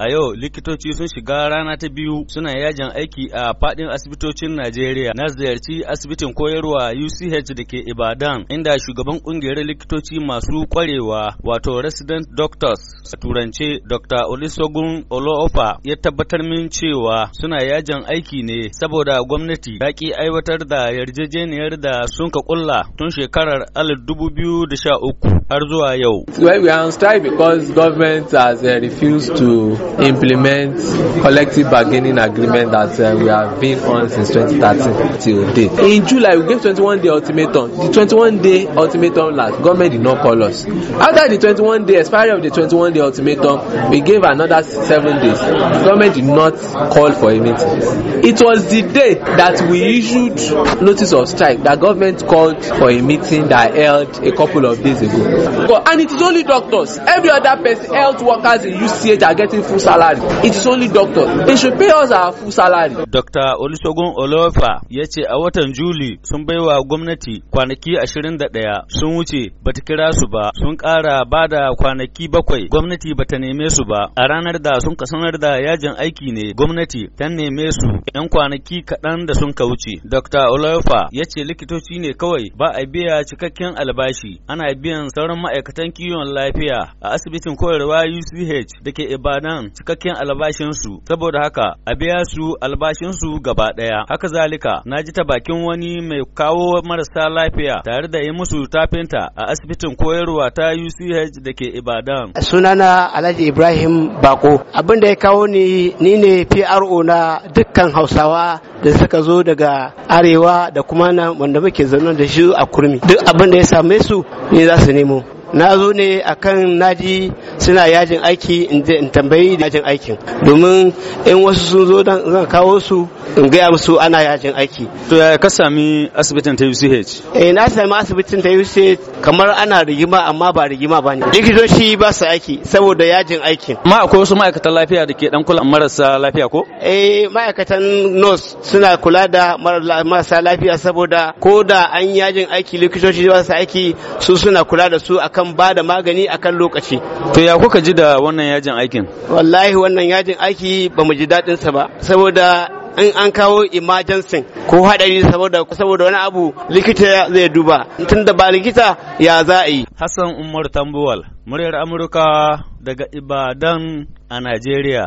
A yau likitoci sun shiga rana ta biyu suna yajin aiki a fadin asibitocin Najeriya. Na ziyarci asibitin koyarwa UCH da ke Ibadan inda shugaban kungiyar likitoci masu kwarewa wato resident doctors a turance Dr. Olusegun Oloofa ya tabbatar min cewa suna yajin aiki ne saboda gwamnati ta ki aiwatar da yarjejeniyar da sun ka kulla tun shekarar 2013 har zuwa yau. Well, we are on strike because government has uh, refused to implement collective bargaining agreement that uh, we have been on since 2013 till date. In July, we gave 21 day ultimatum. The 21 day ultimatum last, government did not call us. After the 21 day expiry of the 21 day ultimatum, we gave another seven days. government did not call for a meeting. It was the day that we issued notice of strike that government called for a meeting that held a couple of days ago. And it is only doctors. Every other person, health workers in UCH are getting full full salary. It is only doctor. They should pay us our full salary. Dr. Olusogun Olofa ya ce a watan Juli sun baiwa gwamnati kwanaki 21 sun wuce ba ta kira su ba sun ƙara ba da kwanaki bakwai gwamnati ba ta neme su ba a ranar da sun ka sanar da yajin aiki ne gwamnati ta neme su 'yan kwanaki kaɗan da sun ka wuce. Dr. Olofa ya ce likitoci ne kawai ba a biya cikakken albashi ana biyan sauran ma'aikatan kiwon lafiya a asibitin koyarwa UCH da ke Ibadan cikakken albashinsu saboda haka a biya su albashinsu gaba ɗaya haka zalika na ji ta bakin wani mai kawo marasa lafiya tare da yi musu tafinta a asibitin koyarwa ta UCH da ke Ibadan. Sunana Alhaji Ibrahim Bako abin da ya kawo ni ni ne PRO na dukkan Hausawa da suka zo daga arewa da kuma nan wanda muke zaune da shi a kurmi duk abin da ya same su ne za su nemo na zo ne akan naji suna yajin aiki in tambayi yajin aikin domin in wasu sun zo zan kawo su in gaya musu ana yajin aiki to ya ka sami asibitin ta UCH eh na sami asibitin ta UCH kamar ana rigima amma ba rigima ba ne likitoci ba su aiki saboda yajin aiki. ma akwai wasu ma'aikatan lafiya da ke dan kula marasa lafiya ko eh ma'aikatan nurse suna kula da marasa lafiya saboda ko da an yajin aiki likitoci ba su aiki su suna kula da su akan ba da magani akan lokaci to ya ya kuka ji da wannan yajin aikin wallahi wannan yajin aiki ba mu ji daɗin sa ba saboda in an kawo emergency ko haɗari saboda saboda wani abu likita zai duba tun da ba likita ya za a yi hassan umar tambuwal muryar amurka daga ibadan a najeriya